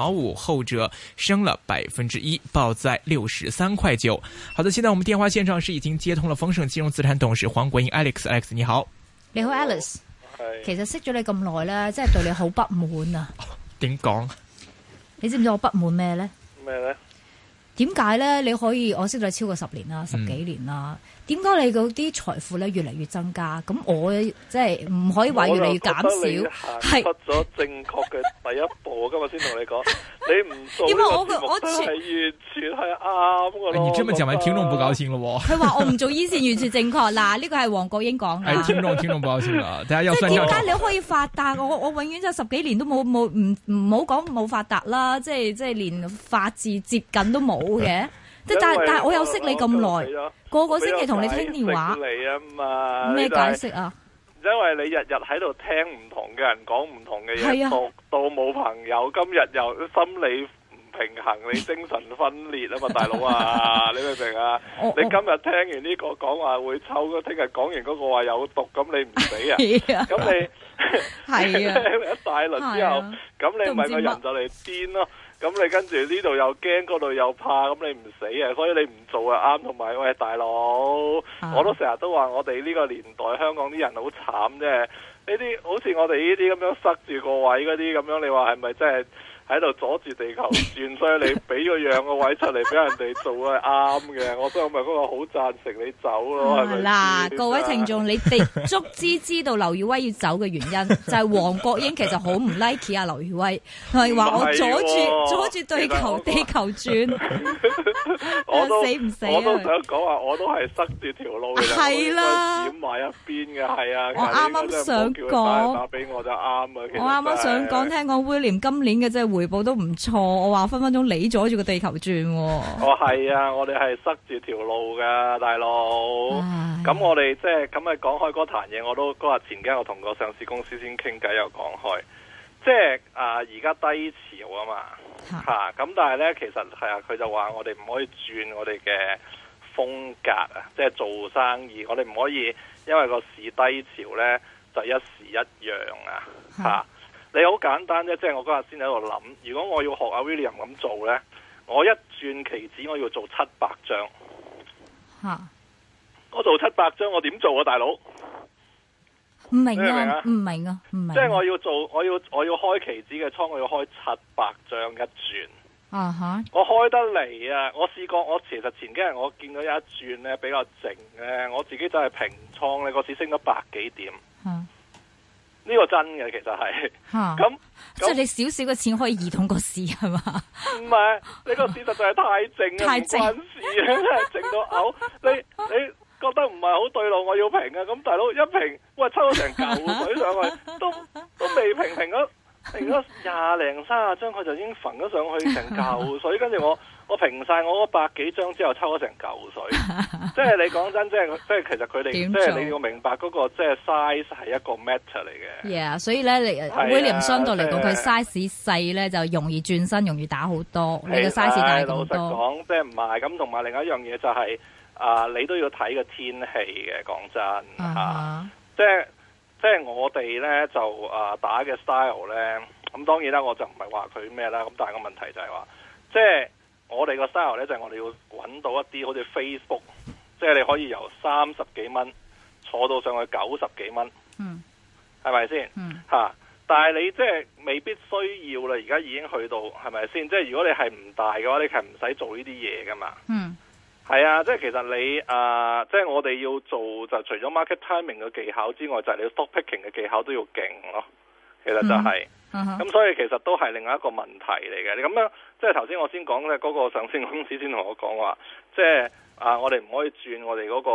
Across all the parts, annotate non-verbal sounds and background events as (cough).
好，五後者升了百分之一，報在六十三塊九。好的，現在我們電話線上是已經接通了豐盛金融資產董事黃國英 Alex，Alex Alex, 你好，你好 Alex，其實識咗你咁耐啦，真係對你好不滿啊。點、哦、講？你知唔知我不滿咩呢？咩呢？點解咧？你可以我識你超過十年啦，十幾年啦。點、嗯、解你嗰啲財富咧越嚟越增加？咁我即係唔可以話越嚟越減少。係，我覺得，行出咗正確嘅第一步，是 (laughs) 我今日先同你講。 (laughs) 你唔做，我完全係完全係啱嘅咯。你專門講，聽眾唔，唔高興咯。佢話我唔做醫線，完全正確。嗱，呢個係黃國英講嘅，係聽眾，聽眾唔，唔，唔高興啦。點解你可以發達？ (laughs) 我我永遠就十幾年都冇冇唔唔冇講冇發達啦。即係即係連法治接近都冇嘅。即 (laughs) 但係但係我又識你咁耐，個個星期同你聽電話。咩解釋啊？因為你日日喺度聽唔同嘅人講唔同嘅嘢，讀到冇朋友，今日又心理唔平衡，你精神分裂啊嘛，大佬啊，你明唔明啊？你今日聽完呢個講話會臭，聽日講完嗰個話有毒，咁你唔死啊？咁你係啊，一大輪之後，咁你咪個人就嚟癲咯。咁你跟住呢度又驚，嗰度又怕，咁你唔死啊？所以你唔做啊？啱，同埋喂，大佬，uh. 我都成日都話我哋呢個年代香港啲人好慘啫。呢啲好似我哋呢啲咁樣塞住個位嗰啲咁樣，你話係咪真係？喺度阻住地球轉，所以你俾個讓個位出嚟俾人哋做係啱嘅。我所以咪嗰個好贊成你走咯，係咪？嗱，各位聽眾，你哋足之知道劉雨威要走嘅原因，就係黃國英其實好唔 like 阿劉雨威，係話我阻住阻住地球地球轉，我死唔死？我都我都想講話，我都係塞住條路嘅，係啦，剪埋一邊嘅，係啊。我啱啱想講，打俾我就啱啊！我啱啱想講，聽講威廉今年嘅即係換。回報都唔錯，我話分分鐘你阻住個地球轉，啊，哦，係啊， (laughs) 我哋係塞住條路噶，大佬。咁我哋即係咁啊，講開嗰壇嘢，我都嗰日前幾日我同個上市公司先傾偈，又講開，即係啊，而家低潮啊嘛，吓咁，啊，但係呢，其實係啊，佢就話我哋唔可以轉我哋嘅風格啊，即係做生意，我哋唔可以因為個市低潮呢，就一時一樣啊，吓。你好簡單啫，即係我嗰日先喺度諗，如果我要學阿 William 咁做呢，我一轉期指我要做七百張。嚇！我做七百張，我點做啊，大佬？唔明啊？唔明啊？唔明啊。即係我要做，我要我要開期指嘅倉，我要開七百張一轉。啊哈！我開得嚟啊！我試過，我其實前幾日我見到有一轉呢，比較靜，誒，我自己就係平倉，呢個市升咗百幾點。呢、這個真嘅，其實係，咁即係你少少嘅錢可以移動個市係嘛？唔係你個市實在係太，太靜，太穩市咧，真係靜到嘔。 (laughs) 你你覺得唔係好對路，我要平啊！咁大佬一平，喂抽咗成嚿水上去， (laughs) 都都未平平咗，平咗廿零三卅張，佢就已經焚咗上去成嚿水，跟住我。我平晒我嗰百幾張之後抽咗成嚿水， (laughs) 即係你講真，即係即係其實佢哋，即係、就是、你要明白嗰、那個即係 size 係一個 matter 嚟嘅。Yeah, 所以咧，你威廉相對嚟講，佢、啊、size 細咧就容易轉身，容易打好多。啊、你嘅 size 大咁多。係、哎，老實講即係唔係咁，同埋另外一樣嘢就係、是、啊，你都要睇個天氣嘅。講真、uh -huh. 啊、即係即係我哋咧就打嘅 style 咧，咁當然啦，我就唔係話佢咩啦。咁但係個問題就係、是、話即係。我哋個 style 咧，就係、是、我哋要揾到一啲好似 Facebook，即係你可以由三十幾蚊坐到上去九十幾蚊，係咪先？吓、嗯啊，但係你即係、就是、未必需要啦。而家已經去到係咪先？即係、就是、如果你係唔大嘅話，你其實唔使做呢啲嘢噶嘛。嗯，係啊，即、就、係、是、其實你誒，即、啊、係、就是、我哋要做就除咗 market timing 嘅技巧之外，就係、是、你要 stock picking 嘅技巧都要勁咯。其實就係、是，咁、嗯 uh-huh. 所以其實都係另外一個問題嚟嘅。你咁樣。即係頭先，我先講呢嗰個上升公司先同我講話，即係啊，我哋唔可以轉我哋嗰個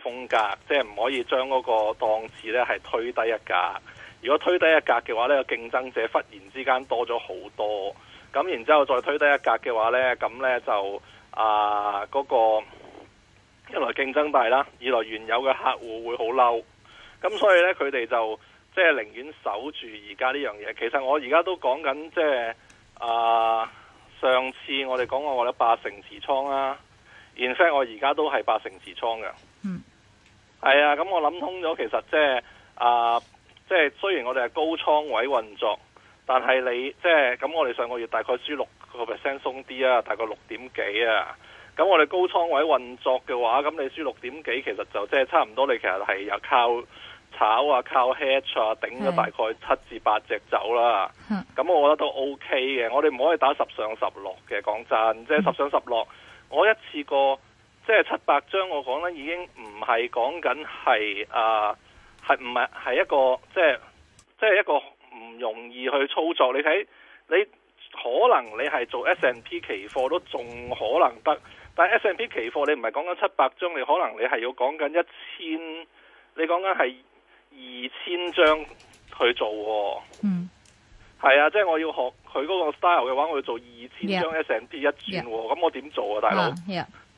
風格，即係唔可以將嗰個檔次呢係推低一格。如果推低一格嘅話咧，呢個競爭者忽然之間多咗好多，咁然之後再推低一格嘅話呢，咁呢就啊，嗰個一來競爭大啦，二來原有嘅客戶會好嬲，咁所以呢，佢哋就即係寧願守住而家呢樣嘢。其實我而家都講緊即係啊。上次我哋講過我哋八成持倉啦，in fact 我而家都係八成持倉嘅。嗯，係啊，咁我諗通咗，其實即係啊，即係雖然我哋係高倉位運作，但係你即係咁，我哋上個月大概輸六個 percent 鬆啲啊，大概六點幾啊。咁我哋高倉位運作嘅話，咁你輸六點幾，其實就即係差唔多，你其實係有靠。炒啊，靠 hedge 啊，頂咗大概七至八隻走啦。咁我覺得都 O K 嘅。我哋唔可以打十上十落嘅。講真，即係十上十落。我一次過即係七百張我，我講咧已經唔係講緊係啊，係唔係係一個即係即係一個唔容易去操作。你睇你可能你係做 S&P 期貨都仲可能得，但係 S&P 期貨你唔係講緊七百張，你可能你係要講緊一千，你講緊係。二千張去做、哦，嗯，係啊，即係我要學佢嗰個 style 嘅話，我要做二千張 S and P 一轉、哦，咁、yeah. yeah. 我點做啊，大佬？係、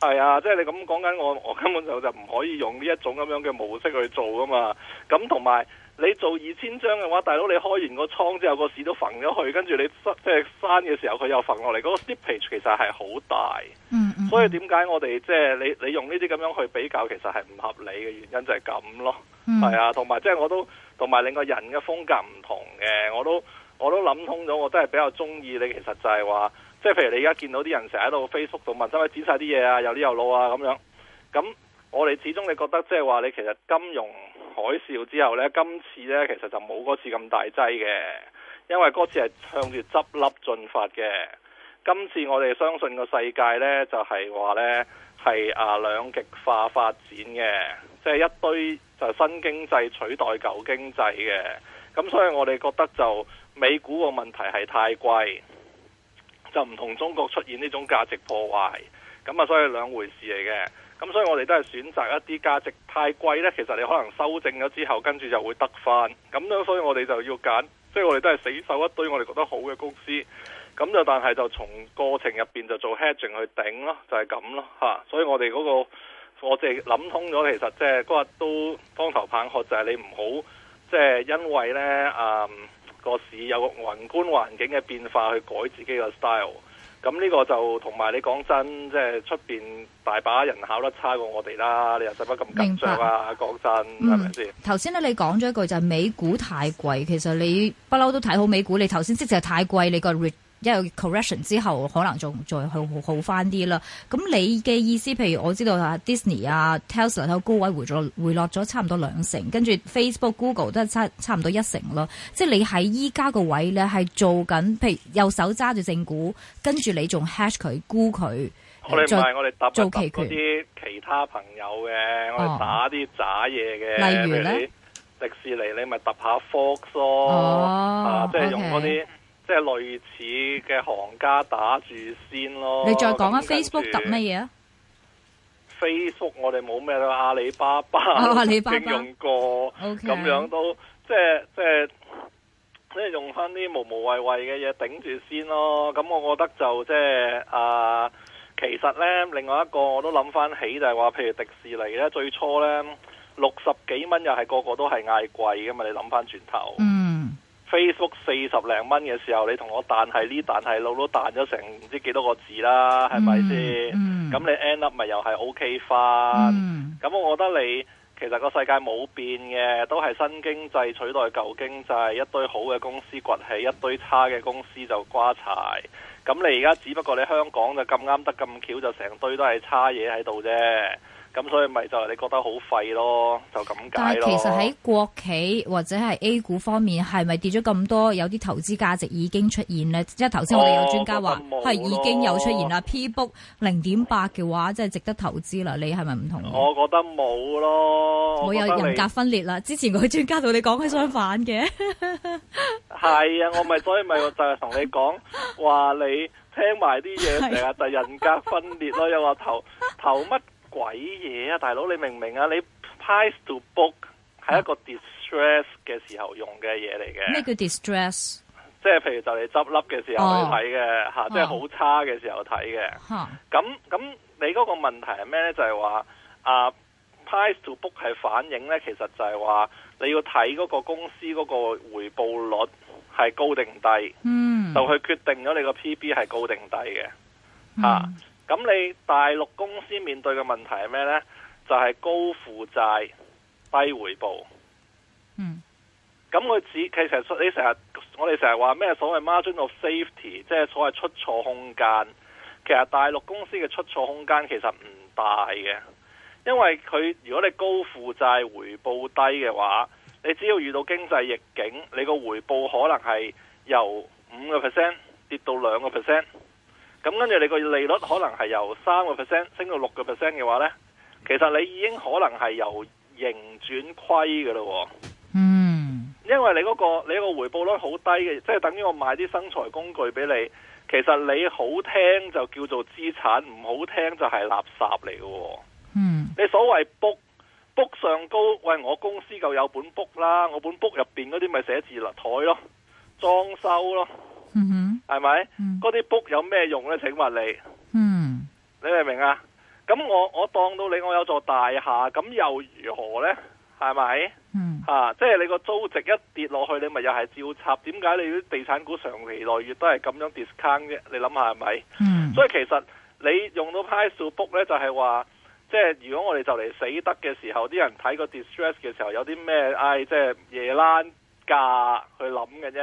uh, yeah. 啊，即係你咁講緊，我我根本就就唔可以用呢一種咁樣嘅模式去做噶嘛。咁同埋你做二千張嘅話，大佬你開完個倉之後，個市都焚咗去，跟住你即係閂嘅時候，佢又焚落嚟，嗰、個 slippage 其實係好大。嗯。所以點解我哋即係你你用呢啲咁樣去比較，其實係唔合理嘅原因就係咁咯，係、嗯、啊，同埋即係我都同埋另個人嘅風格唔同嘅，我都我都諗通咗，我都係比較中意你。其實就係話，即、就、係、係、譬如你而家見到啲人成日喺度 Facebook 度問，即、mm. 係剪晒啲嘢啊，有啲又嗰啊咁樣。咁我哋始終你覺得即係話你其實金融海嘯之後呢，今次呢，其實就冇嗰次咁大劑嘅，因為嗰次係向住執笠進發嘅。今次我哋相信個世界咧，就係話咧係啊兩極化發展嘅，即係一堆就新經濟取代舊經濟嘅。咁所以我哋覺得就美股個問題係太貴，就唔同中國出現呢種價值破壞。咁啊，所以兩回事嚟嘅。咁所以我哋都係選擇一啲價值太貴咧，其實你可能修正咗之後，跟住就會得返。咁樣所以我哋就要揀，即係我哋都係死守一堆我哋覺得好嘅公司。咁就但係就從過程入邊就做 hedging 去頂咯，就係咁咯吓。所以我哋嗰、嗰個我哋諗通咗，其實即係嗰日都當頭棒喝，就係你唔好即係因為咧啊個市有個宏觀環境嘅變化，去改自己個 style。咁呢個就同埋你講真，即係出邊大把人考得差過我哋啦。你又使乜咁緊張啊？講真，係咪先？頭先咧你講咗一句就係美股太貴，其實你不嬲都睇好美股。你頭先即係太貴，你個 r e 因為 correction 之後可能仲再去好翻啲啦。咁你嘅意思，譬如我知道啊，Disney 啊，Tesla 都高位回落回落咗差唔多兩成，跟住 Facebook、Google 都係差差唔多一成咯。即係你喺依家個位咧，係做緊，譬如右手揸住正股，跟住你仲 hatch 佢沽佢。我哋唔係，我哋搭做佢啲其他朋友嘅、哦，我哋打啲渣嘢嘅。例如咧，迪士尼你咪揼下 Fox 咯、哦啊，即係用嗰啲。Okay. 即係類似嘅行家打住先咯。你再講下，Facebook 搭乜嘢啊？Facebook 我哋冇咩阿里巴巴，啊、阿里巴巴用過咁、okay. 樣都即係即係即係用翻啲無無謂謂嘅嘢頂住先咯。咁我覺得就即係啊，其實呢，另外一個我都諗翻起就係話，譬如迪士尼呢，最初呢，六十幾蚊又係個個都係嗌貴㗎嘛，你諗翻轉頭。嗯 Facebook 四十零蚊嘅時候，你同我彈係呢？彈係老老彈咗成唔知幾多個字啦，係咪先？咁、嗯嗯、你 end up 咪又係 OK 返？咁、嗯、我覺得你其實個世界冇變嘅，都係新經濟取代舊經濟，一堆好嘅公司崛起，一堆差嘅公司就瓜柴。咁你而家只不過你香港就咁啱得咁巧，就成堆都係差嘢喺度啫。咁所以咪就係你覺得好廢咯，就咁、是、解但係其實喺國企或者係 A 股方面，係咪跌咗咁多？有啲投資價值已經出現咧。即係頭先我哋有專家話係、哦、已經有出現啦。P book 零點八嘅話，即係值得投資啦。你係咪唔同？我覺得冇咯。冇有，有人格分裂啦。之前嗰啲專家同你講佢相反嘅。係 (laughs) 啊，我咪所以咪就係同你講，話你聽埋啲嘢成日就人格分裂咯。又話投投乜？鬼嘢啊！大佬，你明唔明啊？你 price to book 係一個 distress 嘅時候用嘅嘢嚟嘅。咩叫 distress？即係譬如就你執笠嘅時候去睇嘅吓，oh. Oh. 即係好差嘅時候睇嘅。咁、huh. 咁，那你嗰個問題係咩呢？就係話啊 price to book 係反映呢，其實就係話你要睇嗰個公司嗰個回報率係高定低，mm. 就去決定咗你個 P B 係高定低嘅咁你大陸公司面對嘅問題係咩呢？就係高負債、低回報。嗯。咁佢只其實你成日我哋成日話咩所謂 margin of safety，即係所謂出錯空間。其實大陸公司嘅出錯空間其實唔大嘅，因為佢如果你高負債、回報低嘅話，你只要遇到經濟逆境，你個回報可能係由五個 percent 跌到兩個 percent。咁跟住你個利率可能係由三個 percent 升到六個 percent 嘅話呢，其實你已經可能係由盈轉虧㗎咯。嗯，因為你嗰個，你個回報率好低嘅，即係等於我賣啲生財工具俾你，其實你好聽就叫做資產，唔好聽就係垃圾嚟嘅喎。嗯，你所謂 book book 上高，喂，我公司就有本 book 啦，我本 book 入邊嗰啲咪寫字台咯，裝修咯。嗯、mm、哼 -hmm.，係咪？嗰啲 book 有咩用咧？請問你，嗯、mm-hmm.，你明唔明啊？咁我我當到你，我有座大廈，咁又如何咧？係咪？嗯、mm-hmm.，啊，即係你個租值一跌落去，你咪又係照插？點解你啲地產股長年累月都係咁樣 discount 啫？你諗下係咪？嗯，mm-hmm. 所以其實你用到 price to book 咧，就係話，即係如果我哋就嚟死得嘅時候，啲人睇個 distress 嘅時候，有啲咩唉，即係夜冷價去諗嘅啫，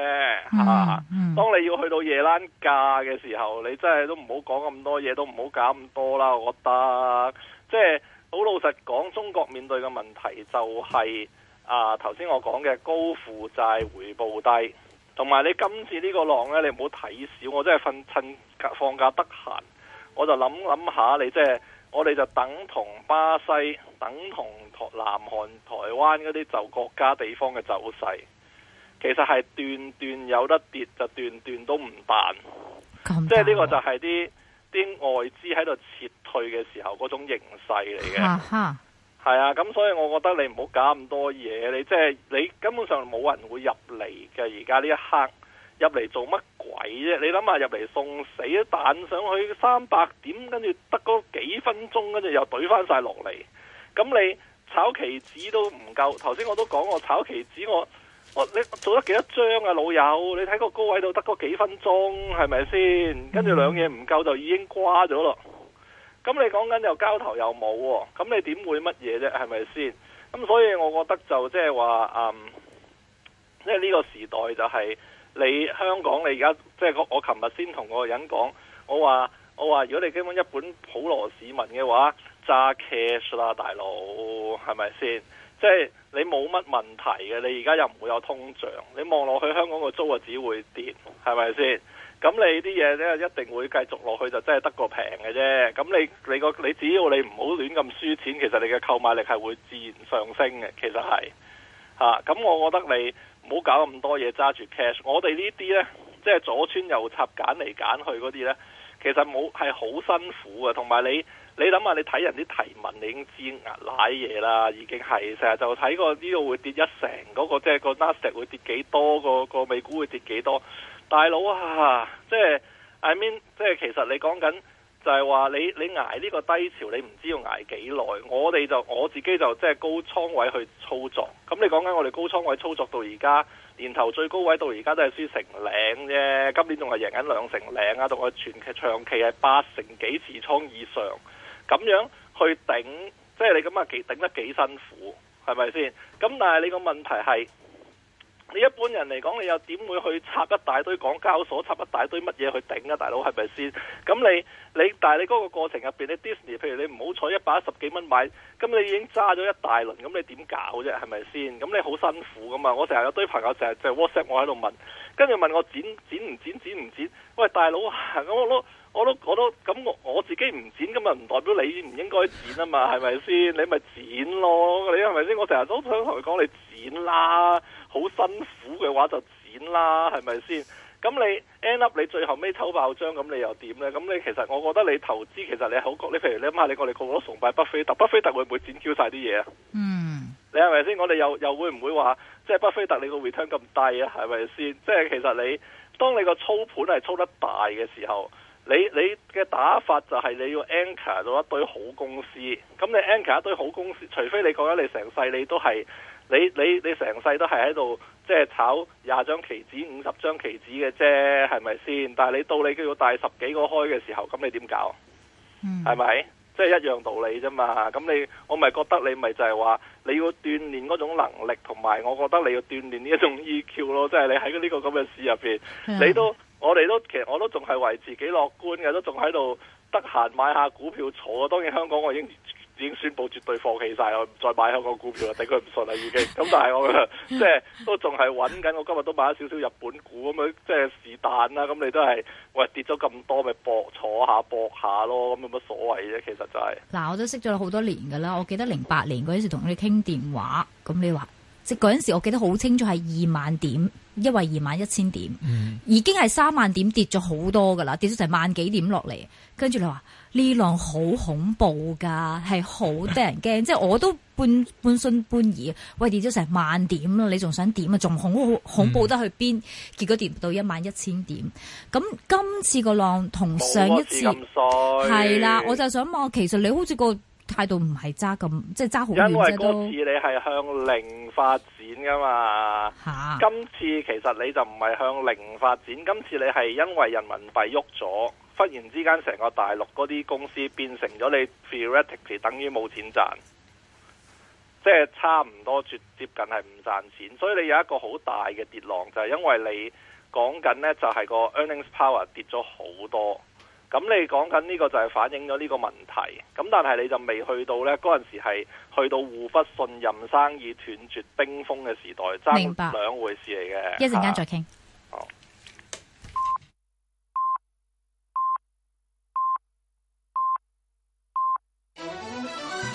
吓、啊嗯嗯。當你要去到夜冷價嘅時候，你真係都唔好講咁多嘢，都唔好搞咁多啦。我覺得，即係好老實講，中國面對嘅問題就係、是、啊頭先我講嘅高負債、回報低，同埋你今次呢個浪呢，你唔好睇少。我真係瞓趁放假得閒，我就諗諗下，你即係、就是、我哋就等同巴西、等同台南韓、台灣嗰啲就國家地方嘅走勢。其實係斷斷有得跌就斷斷都唔彈，即係呢個就係啲啲外資喺度撤退嘅時候嗰種形勢嚟嘅。係 (laughs) 啊，咁所以我覺得你唔好搞咁多嘢，你即係你根本上冇人會入嚟嘅。而家呢一刻入嚟做乜鬼啫？你諗下入嚟送死彈上去三百點，跟住得嗰幾分鐘，跟住又懟翻晒落嚟。咁你炒期指都唔夠。頭先我都講過我炒期指我。我你做得幾多張啊，老友？你睇個高位度得嗰幾分鐘，係咪先？跟住兩嘢唔夠就已經瓜咗咯。咁你講緊又交頭又冇，咁你點會乜嘢啫？係咪先？咁所以我覺得就即係話，嗯，即係呢個時代就係你香港你，你而家即係我我琴日先同我個人講，我話我話，如果你基本一本普羅市民嘅話，揸 cash 啦，大佬，係咪先？即係。你冇乜問題嘅，你而家又唔會有通脹，你望落去香港個租啊只會跌，係咪先？咁你啲嘢咧一定會繼續落去，就真係得個平嘅啫。咁你你你，你只要你唔好亂咁輸錢，其實你嘅購買力係會自然上升嘅。其實係嚇，咁、啊、我覺得你唔好搞咁多嘢，揸住 cash。我哋呢啲咧，即係左穿右插揀嚟揀去嗰啲咧，其實冇係好辛苦嘅，同埋你。你諗下，你睇人啲提問，你已經知挨嘢啦，已經係成日就睇過呢度會跌一成，嗰、嗰個即係個 Nasdaq 會跌幾多，個美股會跌幾多？大佬啊，即係 I mean，即係其實你講緊就係話你你挨呢個低潮，你唔知道要挨幾耐。我哋就我自己就即係高倉位去操作。咁你講緊我哋高倉位操作到而家年頭最高位到輸而家都係輸成零啫，今年仲係贏緊兩成零啊，同我全期長期係八成幾持倉以上。咁樣去頂，即係你咁啊，幾頂得幾辛苦，係咪先？咁但係你個問題係，你一般人嚟講，你又點會去插一大堆港交所，插一大堆乜嘢去頂啊？大佬係咪先？咁你你，但係你嗰個過程入面，你 Disney，譬如你唔好彩一百一十幾蚊買，咁你已經揸咗一大輪，咁你點搞啫？係咪先？咁你好辛苦噶嘛？我成日有堆朋友成日就 WhatsApp 我喺度問。跟住問我剪剪唔剪剪唔剪？喂，大佬，咁、啊、我都我都我都咁我、啊、我自己唔剪，咁又唔代表你唔應該剪啊嘛？係咪先？你咪剪咯，你係咪先？我成日都想同佢講，你剪啦，好辛苦嘅話就剪啦，係咪先？咁你 end up 你最後尾抽爆張，咁你又點呢？咁你，其實我覺得你投資其實你好，你譬如你阿媽你我哋個個都崇拜巴菲特，巴菲特會唔會剪 Q 晒啲嘢啊？嗯係咪先？我哋又又會唔會話即係巴菲特你個 return 咁低啊？係咪先？即係其實你當你個操盤係操得大嘅時候，你你嘅打法就係你要 anchor 到一堆好公司。咁你 anchor 一堆好公司，除非你講緊你成世你都係你你你成世都係喺度即係炒廿張期指、五十張期指嘅啫，係咪先？但係你到你要大十幾個開嘅時候，咁你點搞？嗯，係咪？即係一樣道理啫嘛，咁你我咪覺得你咪就係話你要鍛鍊嗰種能力，同埋我覺得你要鍛鍊呢一種 EQ 咯，即係你喺呢個咁嘅市入邊，你都 (laughs) 我哋都其實我都仲係為自己樂觀嘅，都仲喺度得閒買下股票坐。當然香港我已經。已經宣布絕對放棄晒，我唔再買香港股票啦，頂佢唔順啦已經。咁但係我即係都仲係揾緊，我今日都買咗少少日本股咁樣，即係是但啦。咁你都係，喂，跌咗咁多，咪搏坐下搏下咯，咁有乜所謂啫？其實就係嗱，我都識咗你好多年噶啦，我記得零八年嗰陣時同你傾電話，咁你話即係嗰時，我記得好清楚係二萬點。一為二萬一千點，嗯，已經係三萬點，跌咗好多噶啦，跌咗成萬幾點落嚟，跟住你話呢浪好恐怖噶，係好得人驚，即 (laughs) 係我都半半信半疑。喂，跌咗成萬點啦，你仲想點啊？仲恐恐怖得去邊？結果跌到一萬一千點，咁、嗯、今次個浪同上一次係啦，我就想問，其實你好似個。態度唔係揸咁，即係揸好，因為嗰次你係向零發展噶嘛，今次其實你就唔係向零發展，今次你係因為人民幣喐咗，忽然之間成個大陸嗰啲公司變成咗你 theoretically 等於冇錢賺，即係差唔多接接近係唔賺錢，所以你有一個好大嘅跌浪就係因為你講緊呢，就係個 earnings power 跌咗好多。咁你講緊呢個就係反映咗呢個問題，咁但係你就未去到呢嗰陣時係去到互不信任、生意斷絕、冰封嘅時代，爭兩回事嚟嘅。一陣間再傾。啊。